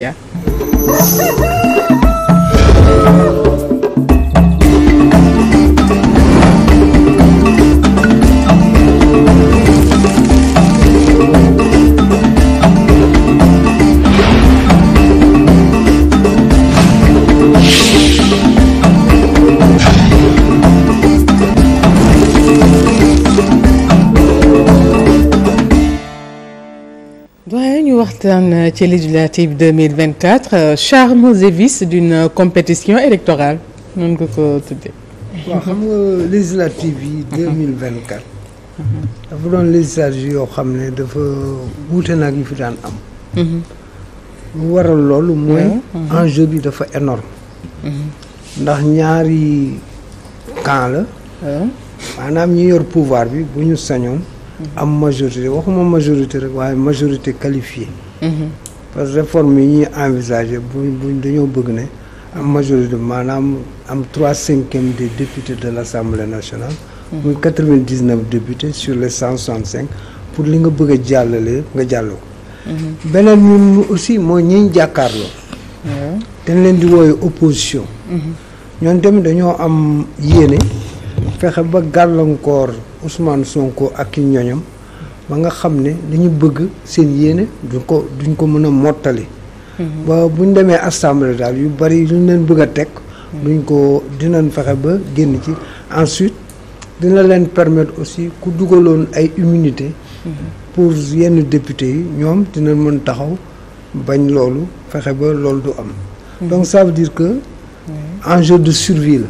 Yeah. interne euh, ci législative 2024 euh, charme et vices d'une euh, compétition électorale noonu nga ko tuddee. waaw xam nga législative yi 2024. Mhm. dafa doon législative yoo xam ne dafa wuute nag ñu fi daan am. Mhm. lu waral loolu mooy. Mhm. enjeu bi dafa énorme ndax ñaari camp la. maanaam ñu yor pouvoir bi bu ñu sañoon. am majorité waxuma majorité rek waaye majorité qualifiée. parce que réforme yi ñuy envisager buñ dañoo bëgg ne am majorité maanaam am trois cinquième de députés de l' assemblée nationale. Mm-hmm. muy quatre vingt dix neuf députés sur le cent soixante cinq pour li nga bëgg a jàllale nga jàll ko. Mm-hmm. beneen ñun aussi mooy ñi jàkkaarloo. Mm-hmm. dañ leen di wooye opposition. ñoom tamit dañoo am yéene fexe ba gàllankoor Ousmane Sonko ak i ñoñam. ba nga xam ne li ñu bëgg seen yéene duñ ko duñ ko mën a mottali. Mhm. ba buñ demee assemblée daal yu bari luñ leen bëgg a teg. Mhm. duñ ko dinañ fexe ba génn ci ensuite dina leen permettre aussi ku dugaloon ay immunité. Mhm. pour yenn député yi ñoom dina mën taxaw bañ loolu fexe ba loolu du am. donc ça veut dire que. enjeu de survie la.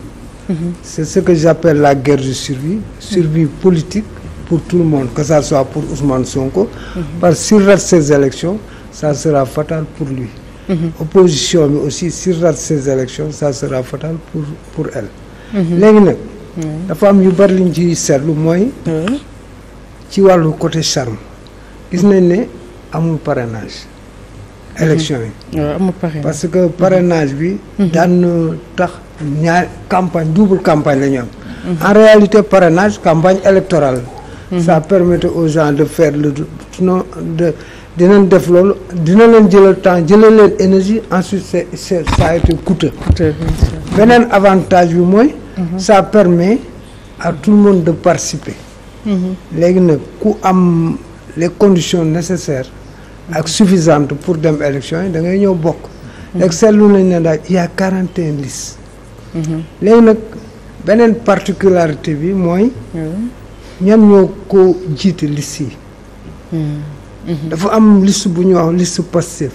c'est ce que j'appelle la guerre de survie. survie politique. pour tout le monde, que ça soit pour Ousmane Sonko. Mhm. parce que s'il rate ces élections ça sera fatal pour lui. Mhm. opposition bi aussi s'il rate ces élections ça sera fatal pour pour mhm. léegi nag. dafa am yu bari liñ ci seetlu mooy. ci wàllu côté charme. gis nañ ne amul parrainage. élection yi. parce que parenage bi. daan tax ñaar campagne double campagne la am. en réalité parrainage campagne électorale. ça permettait aux gens de faire le non de dinañ def loolu dina leen jëlal temps jëlal leen énergie ensuite c'est c'est ça a été coûteux beneen avantage bi mooy mhm. ça permet à tout le monde de participer mhm. léegi nag ku am les conditions nécessaire ak mhm. suffisantes pour dem élection yi da ngay ñëw bokk léegi seetlu nañ ne daal il y a quarante et un listes léegi nag beneen particularité bi mooy ñan ñoo ko jiite liste yi mm-hmm. dafa am liste bu ñuy wax liste Pastef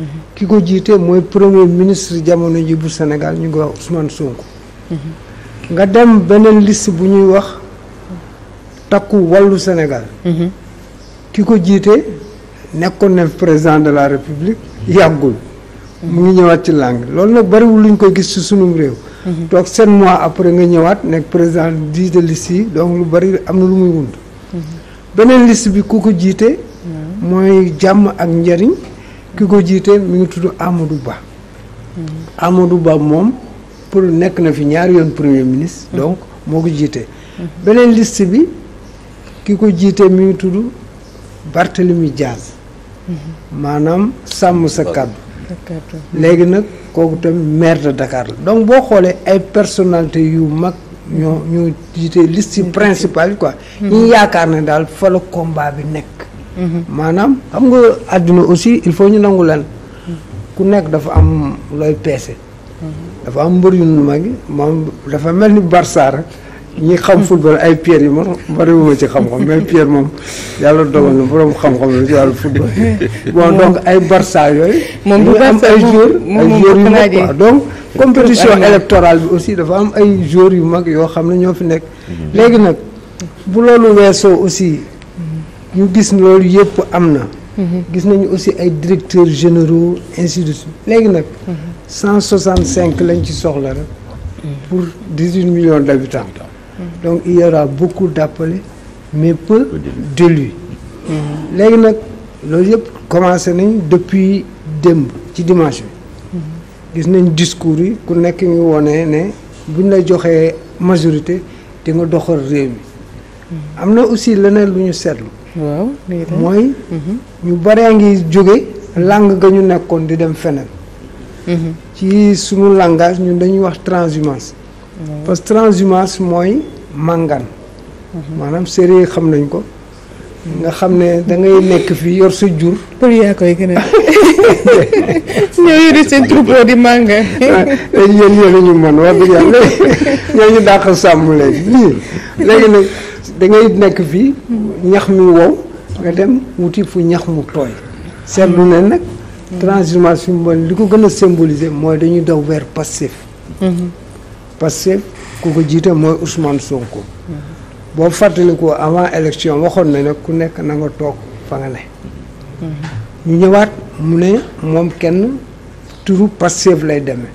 mm-hmm. ki ko jiite mooy premier ministre jamono ji bu Sénégal ñu ngi wax Ousmane Sonko mm-hmm. nga dem beneen list bu ñuy wax takku wallu Sénégal ki ko jiite nekkoon na président de la République yàggul mu ngi ñëwaat ci langue loolu nag bariwul luñ koy gis ci sunum réew toog sept mois après nga ñëwaat nekk président di de liste yi donc lu bari am na lu muy wund beneen list bi ku ko jiite mooy jàmm ak njariñ ki ko jiite mi ngi tudd Amadou Ba Amadou Ba moom pour nekk na fi ñaari yoon premier ministre donc moo ko jiite beneen list bi ki ko jiite mi ngi tudd Barthélemy Diaz maanaam sàmm sa kàddu léegi nag kooku tamit maire de Dakar la donc boo xoolee ay personnalité yu mag ñoo ñoo jiite liste principal yi quoi hmm. ñu yaakaar ne daal fa la combat bi nekk hmm. maanaam xam nga àdduna aussi il faut ñu nangu leen ku nekk dafa am looy peese hmm. dafa am mbër yu mag yi moom dafa mel ni Barça rek ñi xam football ay Pierre yi man bariwuma ci xam-xam mais Pierre moom yàlla dogal na borom xam-xam la ci wàllu football. bon donc ay Barça yooyu. moom bu am ay joueurs ay joueurs yu mag donc compétition électorale bi aussi dafa am ay joueurs yu mag yoo xam ne ñoo fi nekk. léegi nag bu loolu weesoo aussi ñu gis loolu yëpp am na. Mhm. gis nañu aussi ay directeurs généraux ainsi de nag léegi nag. Mhm. cinq lañ ci soxla rek. pour 18 millions d' habitants. donc il y aura beaucoup d'appelés mais léegi nag loolu yëpp commencé nañ depuis démb ci dimanche gis nañ discours yi ku nekk ngi wone ne buñ la joxee majorité di nga doxal réew mi am na aussi leneen lu ñu seetlu waaw mooy mhm. ñu baree ngi jóge langue ga ñu nekkoon di dem feneen mhm. ci sunu langage ñu dañuy wax transhumance parce que transhumance mooy màngaan maanaam séeréer xam nañ ko nga xam ne dangay ngay nekk fii yor sa jur. pël yaa koy gën a. ñoo yore seen troupeau di màngaan. léegi yéen ñu mën wax dëgg yàlla ñoo ñu dàq sàmm léegi léegi da ngay nekk fii. ñax mi wow nga dem wuti fu ñax mu tooy. lu ne nag transhumance bi li ko gën a symboliser mooy dañuy daw weer passif. Mm-hmm. parce que ku ko jiite mooy Ousmane Sonko. boo fàttalikoo avant élection waxoon na ne ku nekk na nga toog fa nga ne. ñu ñëwaat mu ne moom kenn turu Pastef lay demee.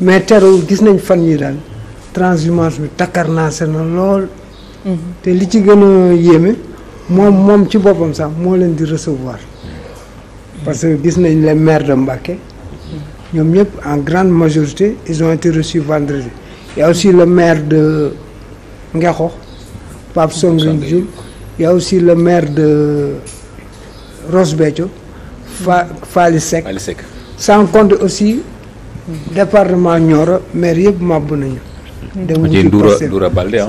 mais terewul gis nañ fan yi daal transhumance bi takkarnaase na lool. te li ci gën a yéeme moom moom ci boppam sax moo leen di recevoir. parce que gis nañ les maires de ñoom ñëpp en grande majorité ils ont été reçus vendredi. Il y aussi le maire de Ngexo, Pape Songrin Diouf. Il aussi le maire de Ross Béthio, Fa Fally Seck. Fally sans compte aussi département Nioro maire yëpp màbb nañu. Mm-hmm. demuñu ci Doura Balde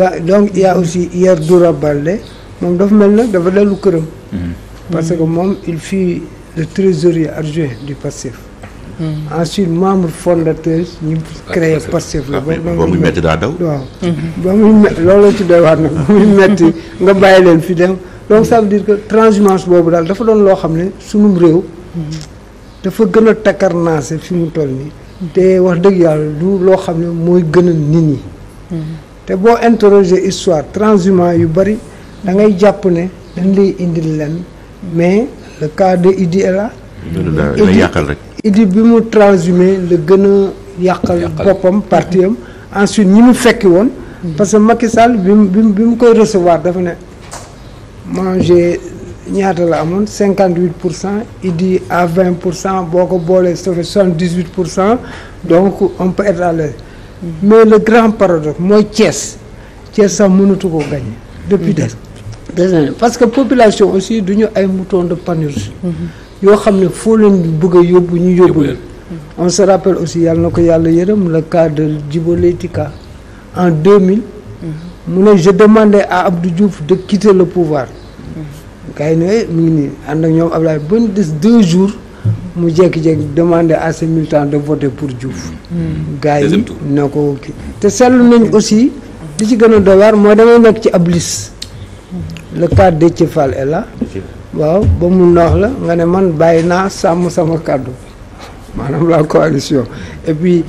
ah. donc il y a aussi hier Doura Balde moom dafa mel nag dafa dellu këram. Mm-hmm. parce que moom il fut le trésorier adjoint du Pastef. Mm-hmm. ensuite membre fondateur ñu créé Pastef la ah, ba muy metti daa daw waaw ba muy me loolu ci doy waat nag ba muy metti nga bàyyi leen fi dem donc ça veut dire que transhumance boobu daal dafa doon loo xam ne sunum réew dafa gën a takkarnaase fi mu toll nii te wax dëgg yàlla du loo xam ne mooy gënal nit ñi mm-hmm. te boo interroger histoire transhumance yu bari da ngay jàpp ne dañ lay indil leen mais le cas de Idi dina yàqal rek. Idi bi mu transhumé la gën a yàqal boppam parti am ensuite ñi mu fekki woon. parce que Macky Sall bi mu bi mu koy recevoir dafa ne manger ñaata la amoon cinquante huit pour cent Idi à vingt pour cent boo ko boolee ça fait soixante dix huit pour cent donc on peut être à l'aise mm. mais le grand paradoxe mooy Thiès cees sax mënatu koo gagné. depuis des parce que population aussi du ñu ay mouton de Panurge. Mm-hmm. yoo xam ne foo leen bëgg yóbbu ñu yóbbu leen on se rappelle aussi yàlla na ko yàlla yërëm le cas de Djibo Leyti Ka en 2000 mm-hmm. mu ne je demandais à Abdou Diouf de quitter le pouvoir mm-hmm. gars yi ne eh, mu ngi nii ànd ak ñoom Ablaye ba mu deux jours mu jékki-jékki demandé à ses militants de voter pour Diouf mm-hmm. gars yi na ko kii te seetlu nañ aussi li ci gën a doy waar mooy damay nekk ci ab liste le cas de Déthié Fall la waaw ba mu noox la nga ne man bàyyi naa sàmm sama kàddu maanaam la coalition et puis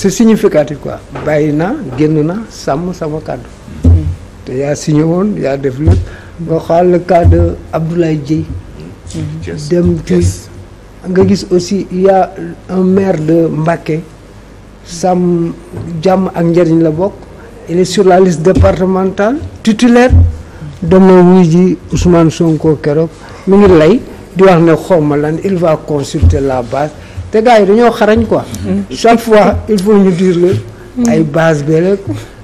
c'est significatif quoi bàyyi naa génn naa sàmm sama kàddu mm-hmm. te yaa signé woon yaa def lépp nga xool le cas de Abdoulaye Dieye mm-hmm. dem ci nga gis aussi il un maire de Mbacké sàmm jàmm ak njëriñ la bokk il est sur la liste départementale titulaire dem na wuy ji Ousmane Sonko keroog mu ngi lay di wax ne xawma lan il va consulter la base te gars yi dañoo xarañ quoi. Mm-hmm. chaque fois il faut ñu dire le mm-hmm. ay base bi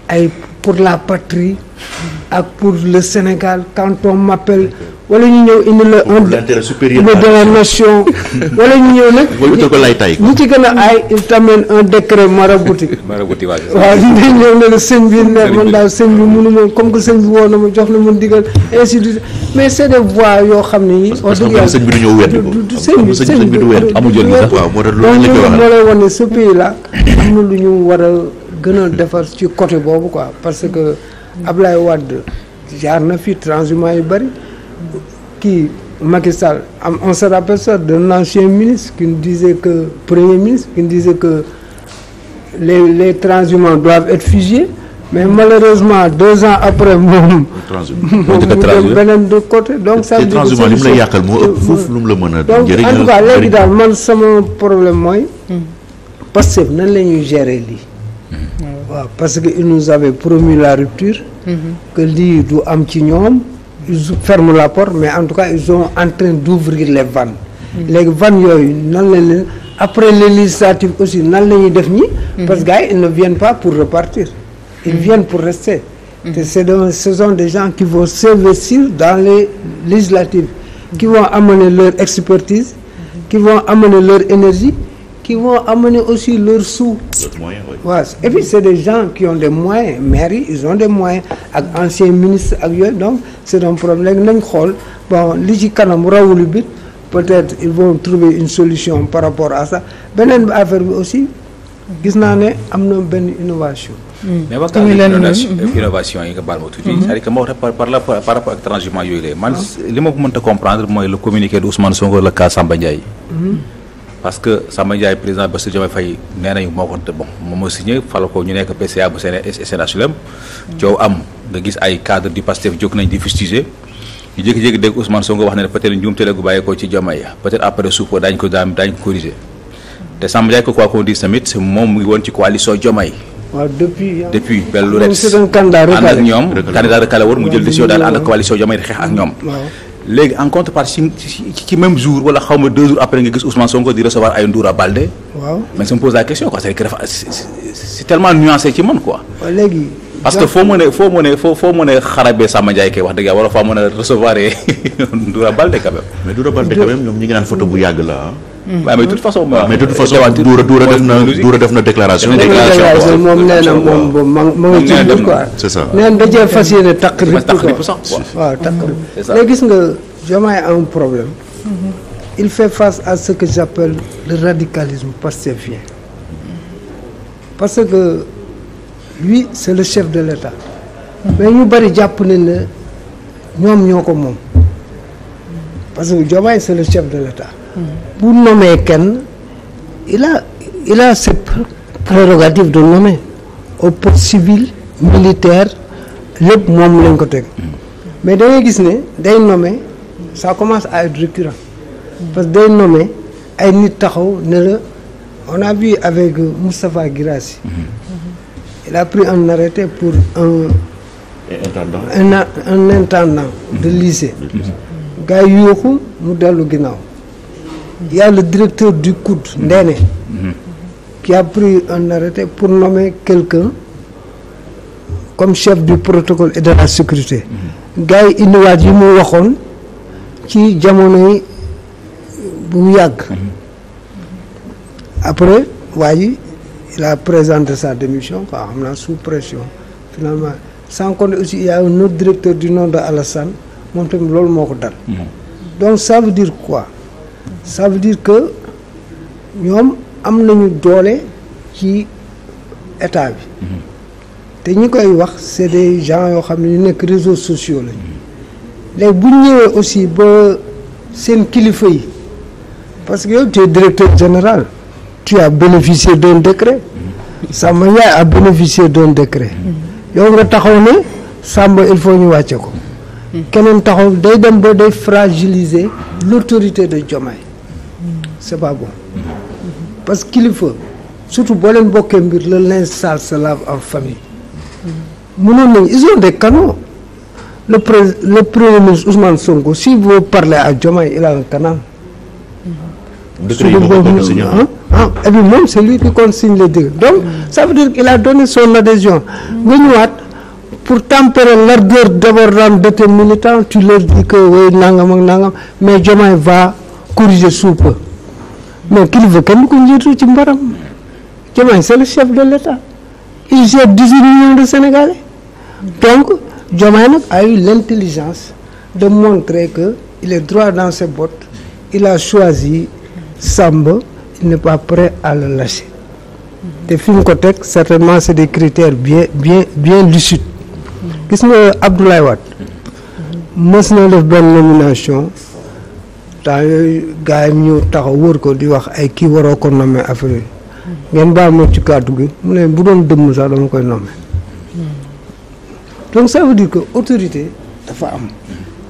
ay pour la patrie. ak pour le Sénégal quand on wala ñu ñëw indi la un de la nation wala ñu ñëw nag ci gën a aay il t'amène un décret maraboutique sëñ bi ne man daal sëñ bi mënu comme que sëñ bi woo na ma jox na ma digal ainsi mais c'est des voies yoo xam ne yi wax dëgg yàlla sëñ bi du ñëw wedd du sëñ bi sëñ bi du wedd amul jël sax moo lay wan ne ce pays là lu ñu war a gën a defar ci côté boobu quoi parce que Ablaye Wade jaar na fi transhumance yu bari kii Macky Sall, on se rappelle ça d'un ancien ministre qui nous disait que, premier ministre, qui nous disait que les, les transhumants doivent être figés. mais malheureusement deux ans après moom. moom mu dem beneen de côté donc. ça veut li mu la moo ëpp foofu lu mu la a. donc en problème mooy. Mm. Pastef mm. parce que il nous avait promis la rupture. Mm-hmm. que lii du am ci ñoom. ils ferment la porte mais en tout cas ils sont en train d'ouvrir les vannes léegi vannes yooyu nan la leen après les législatives aussi nan la ñuy def ñi mhm. parce que gars yi ils ne viennent pas pour repartir ils mhm. viennent pour rester mhm. te c'est donc ce sont des gens qui vont s'investir dans les législatives qui vont amener leur expertise qui vont amener leur énergie qui vont amener aussi leurs sous. D'autres moyens, oui. Voilà. Et puis c'est des gens qui ont des moyens mairie ils ont des moyens ak anciens ministres ak yooyu donc c'est un problème nañ xool bon li ci kanam rawulu bit peut-être ils vont trouver une solution par rapport à sa beneen bi affaire bi aussi gis naa ne am na benn innovation. Hmm. mais waxtaan hmm. innovation yi nga baal ma tuuti. Hmm. c'est-à-dire que ma wax par rapport ak transhumance yooyu la man ah. li ma mënta comprendre mooy le communiqué de Ousmane Sonko le cas parce que Samba Ndiaye président Bassirou Diomaye Faye nee nañu moo ko bon moom moo signé fal ko ñu nekk PCA bu Sénégal SNHLM. coow am nga gis ay cadre du Pastef jóg nañ di fustiger ñu jékki-jékki dégg Ousmane Sonko wax ne peut-être njuumte gu bàyyeekoo ci Diomaye peut-être après suuf daañu ko daan daañu ko corriger te Samba ko quoi qu'on dise tamit moom mu ngi woon ci coalition Diomaye. waaw depuis euh, depuis lu ret ànd ak ñoom candidat recalé mu jël léegi en contrepartie ci même jour wala xaw ma deux jours après nga gis Ousmane Sonko di recevoir ay Ndoura Baldé. waaw mais ça me pose la question quoi c'est que dafa c'est tellement nuancé ci man quoi. waaw léegi. parce que foo mën foo mën a foo foo mën a xarabee Samba Ndiaye kay wax dëgg yàlla foo mën a recevoir Ndoura Balde quand même. mais Ndoura Balde quand bu yàgg la waaw mm. mais de toute façon. mais de toute façon Doura Doura def na déclaration. déclaration moom nee moom moom ma ma ci biir quoi. c'est ça dajee fas yéene takk rip sax waaw takk rip mais gis nga Diomaye a problème. Mhm. il fait face à ce que j'appelle le radicalisme pastefien parce que lui c'est le chef de l'État mais ñu bari jàpp nañ ne ñoom ñoo ko moom parce que Diomaye c'est le chef de l'État bu nommé kenn il a il a ses prérogatives de nommer au poste civil militaire lépp moom lañ ko teg mais da gis ne day nommé ça commence à être récurrent parce que day nommé ay nit taxaw ne la on a vu avec Moustapha Guirassi il a pris un arrêté pour un intendant mm-hmm. de lycée gars yi yooxu mu dellu ginnaaw Il a le directeur du COUD, Ndene, mhm. qui a pris un arrêté pour nommer quelqu'un comme chef du protocole et de la sécurité. Mhm. gars yi indiwaat yi mu waxoon ci jamono yi bu yàgg. Mhm. après waaye ji il a présenté sa démission quoi xam naa sous pression finalement sans compter aussi il y a un autre directeur du nom de Alassane moom loolu moo ko dal. donc ça veut dire quoi. ça veut dire que ñoom am nañu doole ci état bi te ñi koy wax c'est des gens yoo xam ne ñu nekk réseaux sociaux lañu léegi bu ñëwee aussi ba seen kilifa yi parce que yow tu directeur général tu as bénéficié d'un décret Samba Ndiaye a bénéficié d'un décret yow nga taxaw ne Samba il faut ñu wàcce ko keneen taxaw day dem ba day fragiliser l'autorité de Diomaye c' est pas bon parce que kilifa surtout boo bokkee mbir le linge sale se lave en famille mënoon nañu ils ont des canaux le pré le premier ministre Ousmane Sonko si vous parlez à Diomaye il a un canal. décret yi moom ah, ah et puis moom c'est son adhésion. nga ñëwaat pour tempérer l'ardeur débordante de tes militants tu leur dis que oui nangam ak nangam mais Diomaye va corriger sous peu. mais kilifa kenn ku njiitu ci mbaram Diomaye c'est le chef de l'État il gère 18 millions de Sénégalais donc Diomaye a eu l'intelligence de montrer que il est droit dans ses bottes il a choisi Samba il n'est pas prêt à le lâcher te fi mu ko teg certainement c'est des critères bien bien bien lucides gis nga Abdoulaye Wade mës na def benn nomination temps yooyu gars yi ñu taxaw wër ko di wax ay kii waroo ko nommé affaire yi ngeen baal ma ci kàddu gi mu ne bu doon dëmm sax dama koy nommé donc ça veut dire que autorité dafa am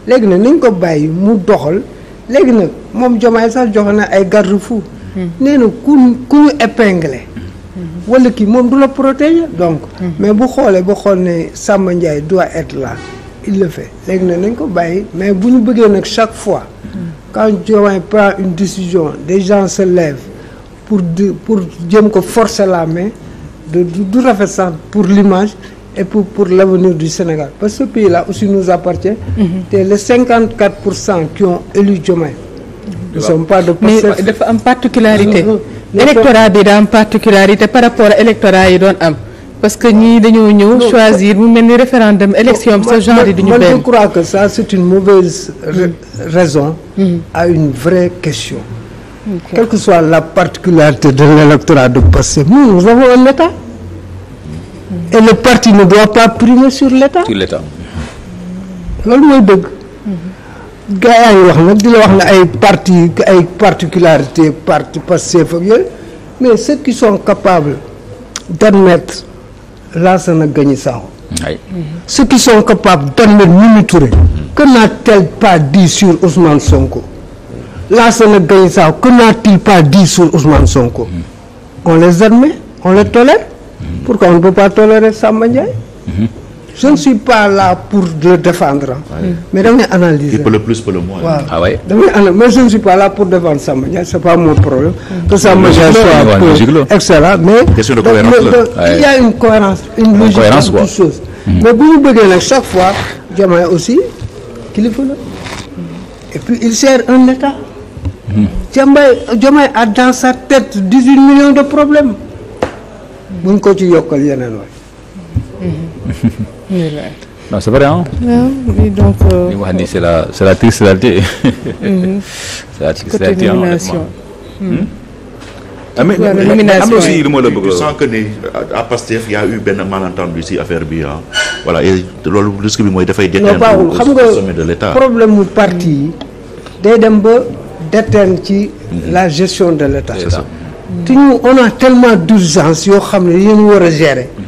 léegi nag nañ ko bàyyi mu doxal léegi nag moom jomaay sax joxe na ay garde-fou nee na ku ku ñu épinglé wala kii moom du la protéger donc mm. mais bu xoolee ba xool ne Samba Ndiaye doit être là il le fait léegi nag nañ ko bàyyi mais bu ñu bëggee nag chaque fois quand Diomaye prend une décision de gens se lèvent pour di pour jëm ko force la main du du rafet sax pour l'image et pour pour l'avenir du Sénégal parce que ce pays là aussi nous appartient mm-hmm. te les cinquante quatre pour cent qui ont élu Diomaye ne mm-hmm. sont pas de mais dafa am particularité électorat bi daa am particularité par rapport à électorat yi doon am parce que ñii dañoo ñëw choisir mu mel ni référendum élection ce genre yi duñu benn je crois que ça c'est une mauvaise mm. raison mm. à une vraie question Okay. Quelle que soit la particularité de l'électorat de Pastef, nous, nous avons un État. Mmh. Et le parti ne doit pas primer sur l'État. Sur loolu mooy dëgg. Mm-hmm. gars yaa ngi wax nag di la wax ne ay parti ay particularité parti Pastef ak yooyu mais ceux qui sont capables d'admettre Lansana Gagny Sakho ceux qui sont capables d'admettre Mimi Touré que n'a-t-elle pas dit sur Ousmane Sonko Lansana Gagny Sakho que n'a-t-il pas dit sur Ousmane Sonko mm-hmm. on les admet on les tolère mm-hmm. pourquoi on ne peut pas tolérer Samba Ndiaye mm-hmm. je ne suis pas là pour le défendre. Ouais. mais damay analyser. il peut le plus peut le moins. waaw ah mais je ne suis pas là pour défendre sa Ndiaye c'est pas mon problème. que Samba Ndiaye soit excellent mais. question de cohérence il y a une cohérence une logique une mm-hmm. mais bu ñu bëggee chaque fois Diomaye aussi kilifa la mm-hmm. et puis il sert un état. Mm-hmm. Diomaye a dans sa tête dix-huit millions de problèmes. bu ñu ko ci yokkal yeneen waay. Mm. non c'est vrai hein. non euh, la c'est la triste réalité. Mhm. c'est am na aussi a. tu sens que ni à Pastef affaire bi ah. voilà et loolu mooy dafay. déteindre au sommet de l'État xam nga problème mu parti yi. dem ba déteindre ci. Mhm. gestion de l'État. c'est ça. te ñu on a tellement d'urgence yoo xam ne yéen war a gérer. Mhm.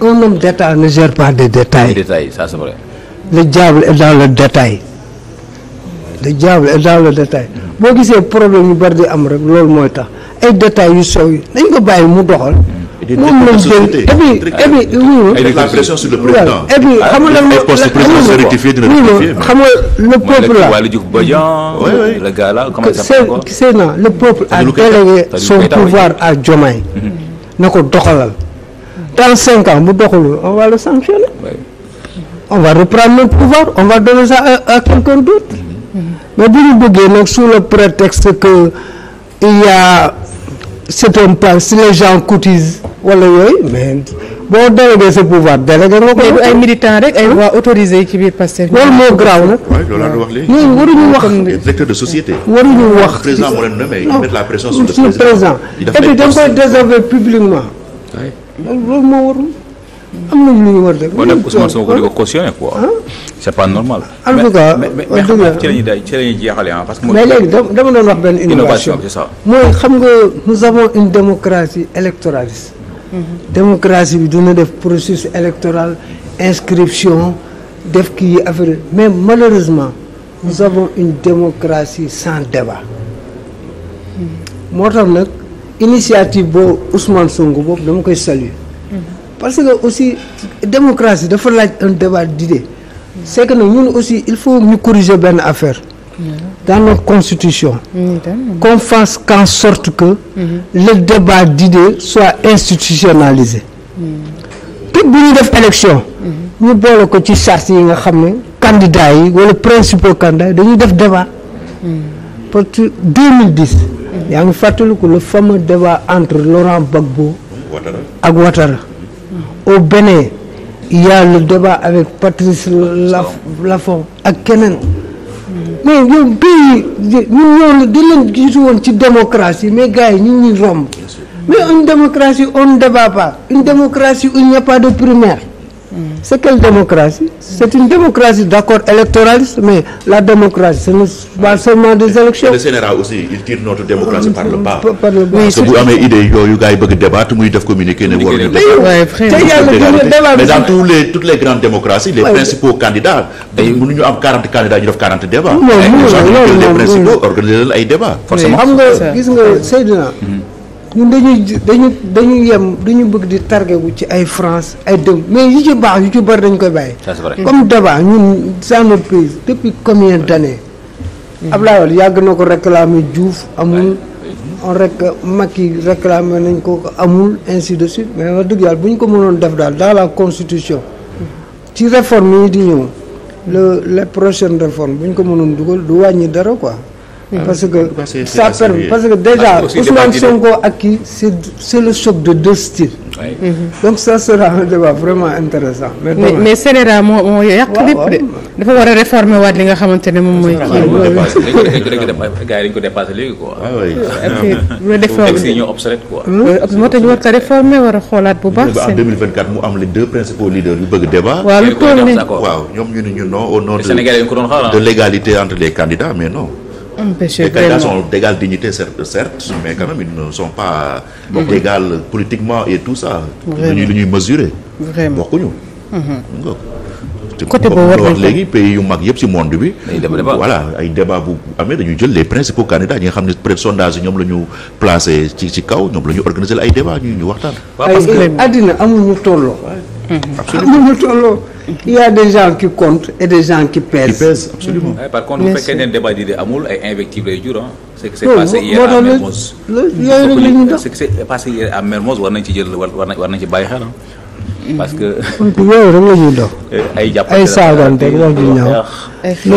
un homme d'État ne gère pas des détails. détails ça c'est détail. le diable est dans le détail. boo gisee problème yu bari di am rek loolu mooy tax ay détails yu sew yi nañ ko bàyyi mu doxal. moom la jël et puis et puis oui. la pression sur le président. Ah, peuple là. délégué son pouvoir à Diomaye. Mhm. na ko doxalal. dans cinq ans bu doxul on va le sanctionner on va reprendre le pouvoir on va donner ça à, quelqu'un d'autre mm-hmm. mais bu ñu bëggee nag sous le prétexte que il y a c'est un les gens cotisent wala yooyu mais boo délégué sa pouvoir délégué nga ko. mais du ay militants waa autorisé ci biir Pastef. loolu moo graaw nag. waaw loolu laa wax léegi. ñooñu waruñu wax directeur de wax président moo leen nommé. mettre la pression sur le président. et puis da nga publiquement. loolu loolu moo warul. am nañu lu ñu war a def. wala Ousmane ah. c'est pas normal. en mais mais xam ci la ñuy day ci la ñuy jeexalee que. mais léegi dama doon wax benn innovation bi c'est ça. mooy xam nga nous avons une démocratie électoraliste. Mm-hmm. démocratie bi dina def processus électoral inscription def ki affaire mais malheureusement. nous avons une démocratie sans débat. Mm-hmm. initiative boo Ousmane Sonko boobu dama koy saluer parce que aussi démocratie dafa laaj un débat d'idées c'est que nag aussi il faut ñu corriger benn affaire dans notre constitution qu'on fasse qu'en sorte que le débat d'idées soit institutionnalisé te bu ñu def élection ñu boole ko ci charte yi nga xam ne candidats yi wala principaux candidats yi dañuy def débat parce que yaa ngi fàttaliku le fameux débat entre Laurent Gbagbo ak Ouattara au Bénin il le débat avec Patrice Laffont ak keneen mais yow pays ñun ñoo di leen jiitu woon ci démocratie mais gars yi ñun ñuy mais une démocratie on ne débat pas une démocratie où il pas de primaire c'est quelle une démocratie d'accord électoraliste mais la démocratie ce n'est pas seulement des élections le Sénégal aussi il tire notre démocratie par le bas parce que bu amee idée yooyu gars bëgg débat muy def communiqué ne waruñu débat mais dans tous les grandes démocraties les principaux candidats day mënuñu am 40 candidats ñu def 40 débats les principaux organiser leen ay débats forcément xam nga gis nga mm-hmm. Seydina ñun dañuy dañu dañu yem dañu bëgg di targewu ci ay France ay dëw mais yi ci baax yu ci bari dañu koy bàyyi comme débat ñun dans notre pays depuis combien d'années laa Wade yàgg na ko réclamer Diouf amul on rek Macky réclamer nañ ko amul ainsi de suite mais wax dëgg yàlla bu ñu ko mënoon def daal dans la constitution ci réforme yi di ñëw le les prochaines réformes bu ñu ko mënoon dugal du wàññi dara quoi Ah, parce que ça permet parce que déjà Ousmane Sonko ak kii c'est le choc de deux styles. Mm-hmm. donc ça sera un débat vraiment intéressant mais mais CNRA moo moo yàq lépp de dafa war a réformer waat li nga xamante ne moom mooy. kii ko dépassé moo tax ñu war ko réformer war a xoolaat bu baax. seen en 2024 mu am les deux principaux leaders yu bëgg débat. waaw lu toll nii waaw ñoom ñu ne ñu non au de l'égalité entre les candidats mais non. empêcher les candidats sont d'égale dignité certes, certes mais quand même ils ne sont pas mm-hmm. d'égale politiquement et tout ça luñu lu ñuy mesurer bokkuñu mm-hmm. côté boobu war wax léegi pays yu mag yëpp ci monde bi. voilà ay débat bu amee dañuy jël les principaux candidats ñi nga xam ne peut-être sondage ñoom la ñu placé ci ci kaw ñoom la ñu organiser ay débat ñu ñu waxtaan. parce amul ñu tolloo. absolument mënuñu ah, tolloo. il y des gens qui comptent et des gens qui pèsent. qui pèsent absolument. Oui, eh, par contre bu fekkee ne débat di amul ay invectives lay jur c'est que c'est passé hier à Mermoz. war nañ ci jël war nañ war nañ ci bàyyi xel ah. parce que. yooyu rek la ñuy dox. Eh, ay jàppante ay saagante wax ju ñaaw. ay le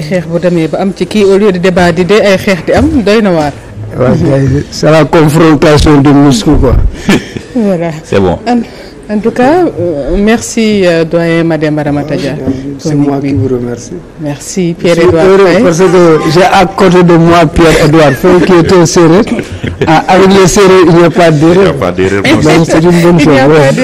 xeex bu demee ba am ci kii au lieu de débat di dee ay xeex di am doy na waar. c'est la confrontation de Moscou quoi. c'est bon. En, tout cas euh, merci euh, doyen Mademba Ramata Dia. moi qui vous remercie. merci Pierre-Edouard parce que j'ai à de moi Pierre-Edouard Faye Sérère ah avec les Sérères il n'y a pas d'erreur. il n'y a pas d'erreur. donc c'est une bonne chose.